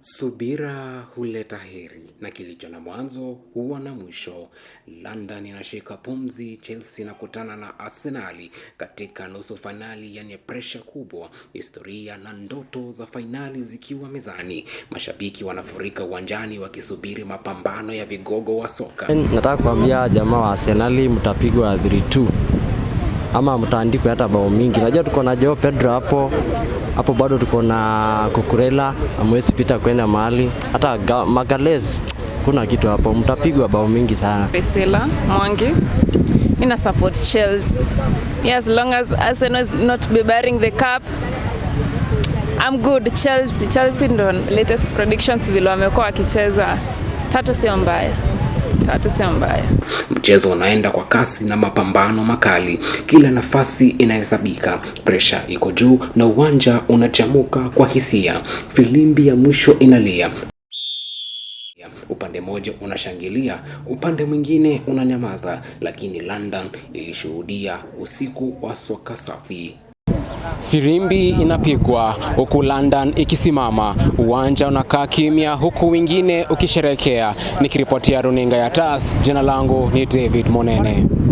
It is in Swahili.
Subira huleta heri na kilicho na mwanzo huwa na mwisho. London inashika pumzi. Chelsea inakutana na Arsenali katika nusu fainali yenye presha kubwa, historia na ndoto za fainali zikiwa mezani. Mashabiki wanafurika uwanjani wakisubiri mapambano ya vigogo wa soka. Nataka kuambia jamaa wa Arsenali, mtapigwa 3-2 ama mtaandikwa hata bao mingi. Najua tuko na Joao Pedro hapo hapo bado tuko na Kukurela, amwezi pita kwenda mahali hata Magalez, kuna kitu hapo, mtapigwa bao mingi sana. Pesela Mwangi mina support Chelsea. Yeah, as long as Arsenal is not be bearing the cup I'm good. Chelsea, Chelsea ndo latest predictions vile wamekuwa wakicheza, tatu sio mbaya. Taasisi mbaya. Mchezo unaenda kwa kasi na mapambano makali, kila nafasi inahesabika, presha iko juu na uwanja unachamuka kwa hisia. Filimbi ya mwisho inalia, upande mmoja unashangilia, upande mwingine unanyamaza, lakini London ilishuhudia usiku wa soka safi. Firimbi inapigwa huku London ikisimama, uwanja unakaa kimya huku wengine ukisherekea. Nikiripotia runinga ya TAS, jina langu ni David Monene.